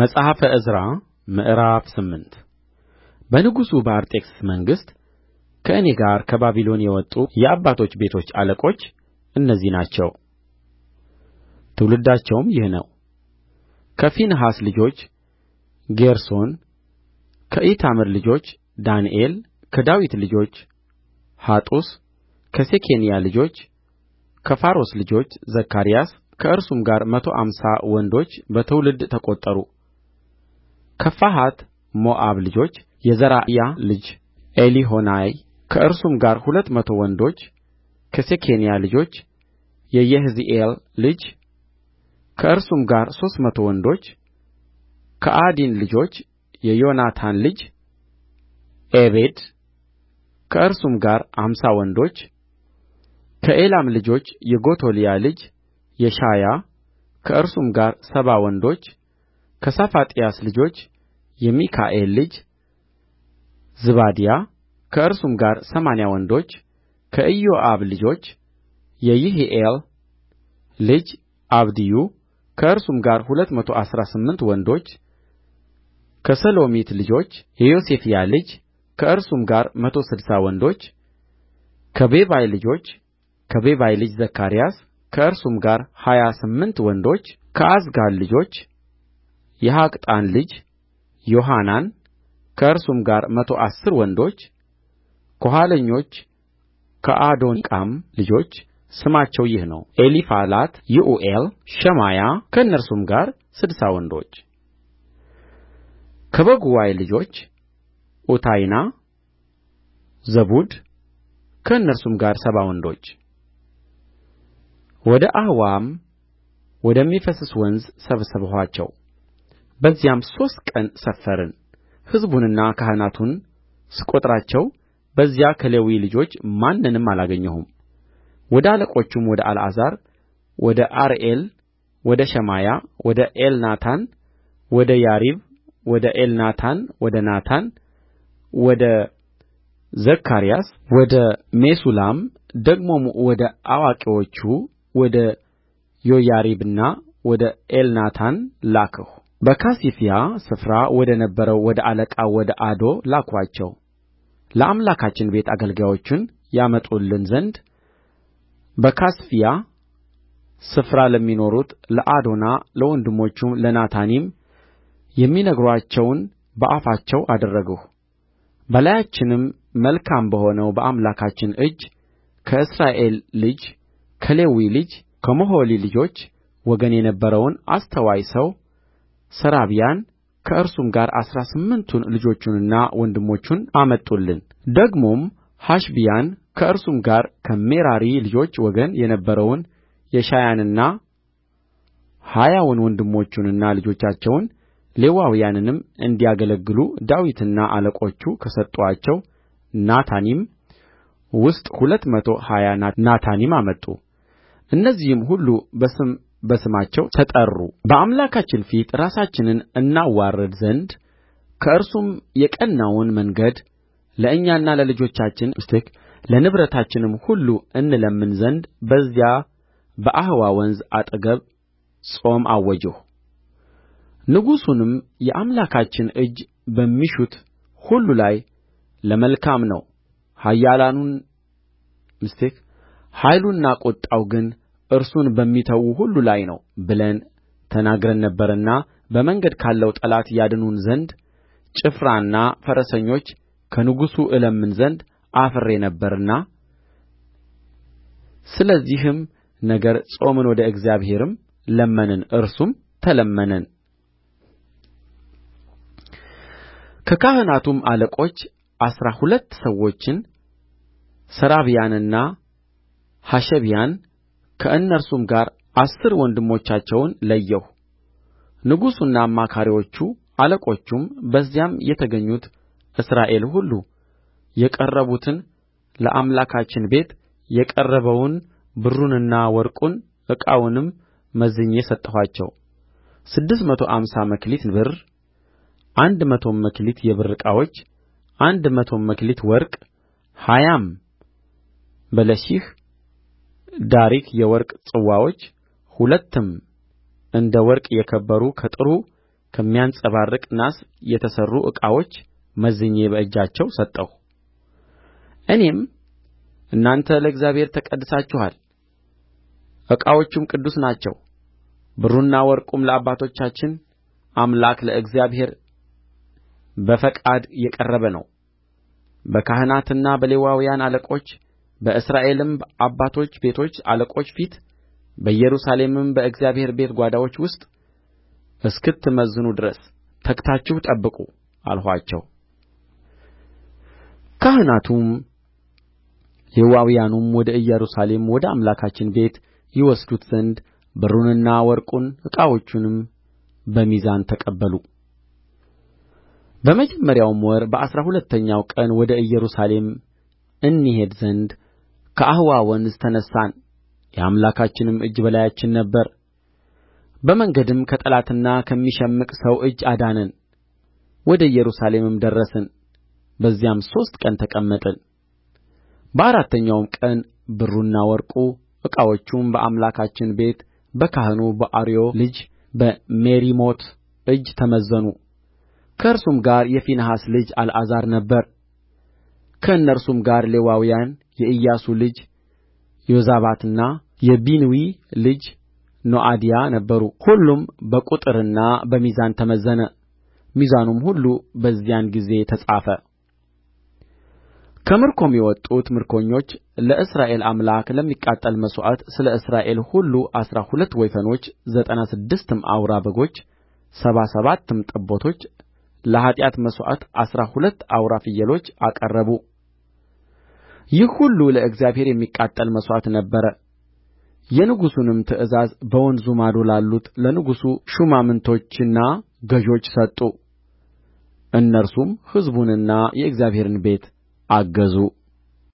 መጽሐፈ ዕዝራ ምዕራፍ ስምንት በንጉሡ በአርጤክስስ መንግሥት ከእኔ ጋር ከባቢሎን የወጡ የአባቶች ቤቶች አለቆች እነዚህ ናቸው ትውልዳቸውም ይህ ነው ከፊንሐስ ልጆች ጌርሶን ከኢታምር ልጆች ዳንኤል ከዳዊት ልጆች ሐጡስ ከሴኬንያ ልጆች ከፋሮስ ልጆች ዘካርያስ ከእርሱም ጋር መቶ አምሳ ወንዶች በትውልድ ተቈጠሩ ከፈሐት ሞዓብ ልጆች የዘራእያ ልጅ ኤሊሆዔናይ ከእርሱም ጋር ሁለት መቶ ወንዶች ከሴኬንያ ልጆች የየሕዚኤል ልጅ ከእርሱም ጋር ሦስት መቶ ወንዶች ከዓዲን ልጆች የዮናታን ልጅ ዔቤድ ከእርሱም ጋር አምሳ ወንዶች ከኤላም ልጆች የጎቶልያ ልጅ የሻያ ከእርሱም ጋር ሰባ ወንዶች ከሳፋጥያስ ልጆች የሚካኤል ልጅ ዝባድያ ከእርሱም ጋር ሰማንያ ወንዶች ከኢዮአብ ልጆች የይሒኤል ልጅ አብድዩ ከእርሱም ጋር ሁለት መቶ አሥራ ስምንት ወንዶች ከሰሎሚት ልጆች የዮሲፍያ ልጅ ከእርሱም ጋር መቶ ስድሳ ወንዶች ከቤባይ ልጆች ከቤባይ ልጅ ዘካርያስ ከእርሱም ጋር ሀያ ስምንት ወንዶች ከዓዝጋድ ልጆች የሃቃጣን ልጅ ዮሐናን ከእርሱም ጋር መቶ አሥር ወንዶች ከኋለኞቹ ከአዶኒቃም ልጆች ስማቸው ይህ ነው ኤሊፋላት ይዑኤል ሸማያ ከእነርሱም ጋር ስድሳ ወንዶች ከበጉዋይ ልጆች ዑታይና ዘቡድ ከእነርሱም ጋር ሰባ ወንዶች ወደ አኅዋም ወደሚፈስስ ወንዝ ሰበሰብኋቸው በዚያም ሦስት ቀን ሰፈርን ሕዝቡንና ካህናቱን ስቈጥራቸው በዚያ ከሌዊ ልጆች ማንንም አላገኘሁም ወደ አለቆቹም ወደ አልዓዛር ወደ አርኤል ወደ ሸማያ ወደ ኤልናታን ወደ ያሪብ ወደ ኤልናታን ወደ ናታን ወደ ዘካርያስ ወደ ሜሱላም ደግሞም ወደ አዋቂዎቹ ወደ ዮያሪብና ወደ ኤልናታን ላክሁ በካሲፍያ ስፍራ ወደ ነበረው ወደ አለቃው ወደ አዶ ላክኋቸው ለአምላካችን ቤት አገልጋዮቹን ያመጡልን ዘንድ በካሲፍያ ስፍራ ለሚኖሩት ለአዶና ለወንድሞቹም ለናታኒም የሚነግሩአቸውን በአፋቸው አደረግሁ። በላያችንም መልካም በሆነው በአምላካችን እጅ ከእስራኤል ልጅ ከሌዊ ልጅ ከሞሖሊ ልጆች ወገን የነበረውን አስተዋይ ሰው ሰራብያን ከእርሱም ጋር አሥራ ስምንቱን ልጆቹንና ወንድሞቹን አመጡልን ደግሞም ሐሸብያን ከእርሱም ጋር ከሜራሪ ልጆች ወገን የነበረውን የሻያንና ሀያውን ወንድሞቹንና ልጆቻቸውን ሌዋውያንንም እንዲያገለግሉ ዳዊትና አለቆቹ ከሰጡአቸው ናታኒም ውስጥ ሁለት መቶ ሀያ ናታኒም አመጡ እነዚህም ሁሉ በስም በስማቸው ተጠሩ በአምላካችን ፊት ራሳችንን እናዋርድ ዘንድ ከእርሱም የቀናውን መንገድ ለእኛና ለልጆቻችን ለንብረታችንም ሁሉ እንለምን ዘንድ በዚያ በአህዋ ወንዝ አጠገብ ጾም አወጅሁ። ንጉሡንም የአምላካችን እጅ በሚሹት ሁሉ ላይ ለመልካም ነው ኃይሉና ቁጣው ግን እርሱን በሚተዉ ሁሉ ላይ ነው ብለን ተናግረን ነበርና በመንገድ ካለው ጠላት ያድኑን ዘንድ ጭፍራና ፈረሰኞች ከንጉሡ እለምን ዘንድ አፍሬ ነበርና ስለዚህም ነገር ጾምን ወደ እግዚአብሔርም ለመንን እርሱም ተለመነን ከካህናቱም አለቆች አሥራ ሁለት ሰዎችን ሰራብያንና ሐሸቢያን ከእነርሱም ጋር አሥር ወንድሞቻቸውን ለየሁ ንጉሡና አማካሪዎቹ አለቆቹም በዚያም የተገኙት እስራኤል ሁሉ የቀረቡትን ለአምላካችን ቤት የቀረበውን ብሩንና ወርቁን ዕቃውንም መዝኜ ሰጠኋቸው ስድስት መቶ አምሳ መክሊት ብር አንድ መቶም መክሊት የብር ዕቃዎች አንድ መቶም መክሊት ወርቅ ሀያም በለሺህ ዳሪክ የወርቅ ጽዋዎች ሁለትም እንደ ወርቅ የከበሩ ከጥሩ ከሚያንጸባርቅ ናስ የተሠሩ ዕቃዎች መዝኜ በእጃቸው ሰጠሁ እኔም እናንተ ለእግዚአብሔር ተቀድሳችኋል ዕቃዎቹም ቅዱስ ናቸው ብሩና ወርቁም ለአባቶቻችን አምላክ ለእግዚአብሔር በፈቃድ የቀረበ ነው በካህናትና በሌዋውያን አለቆች በእስራኤልም አባቶች ቤቶች አለቆች ፊት በኢየሩሳሌምም በእግዚአብሔር ቤት ጓዳዎች ውስጥ እስክትመዝኑ ድረስ ተግታችሁ ጠብቁ አልኋቸው ካህናቱም ሌዋውያኑም ወደ ኢየሩሳሌም ወደ አምላካችን ቤት ይወስዱት ዘንድ ብሩንና ወርቁን ዕቃዎቹንም በሚዛን ተቀበሉ በመጀመሪያውም ወር በአሥራ ሁለተኛው ቀን ወደ ኢየሩሳሌም እንሄድ ዘንድ ከአኅዋ ወንዝ ተነሣን የአምላካችንም እጅ በላያችን ነበረ በመንገድም ከጠላትና ከሚሸምቅ ሰው እጅ አዳነን ወደ ኢየሩሳሌምም ደረስን በዚያም ሦስት ቀን ተቀመጥን በአራተኛውም ቀን ብሩና ወርቁ ዕቃዎቹም በአምላካችን ቤት በካህኑ በአርዮ ልጅ በሜሪሞት እጅ ተመዘኑ ከእርሱም ጋር የፊንሐስ ልጅ አልዓዛር ነበረ ከእነርሱም ጋር ሌዋውያን የኢያሱ ልጅ ዮዛባትና የቢንዊ ልጅ ኖዓድያ ነበሩ ሁሉም በቍጥርና በሚዛን ተመዘነ ሚዛኑም ሁሉ በዚያን ጊዜ ተጻፈ ከምርኮም የወጡት ምርኮኞች ለእስራኤል አምላክ ለሚቃጠል መሥዋዕት ስለ እስራኤል ሁሉ አሥራ ሁለት ወይፈኖች ዘጠና ስድስትም አውራ በጎች ሰባ ሰባትም ጠቦቶች ለኃጢአት መሥዋዕት አሥራ ሁለት አውራ ፍየሎች አቀረቡ ይህ ሁሉ ለእግዚአብሔር የሚቃጠል መሥዋዕት ነበረ የንጉሡንም ትእዛዝ በወንዙ ማዶ ላሉት ለንጉሡ ሹማምቶችና ገዦች ሰጡ እነርሱም ሕዝቡንና የእግዚአብሔርን ቤት አገዙ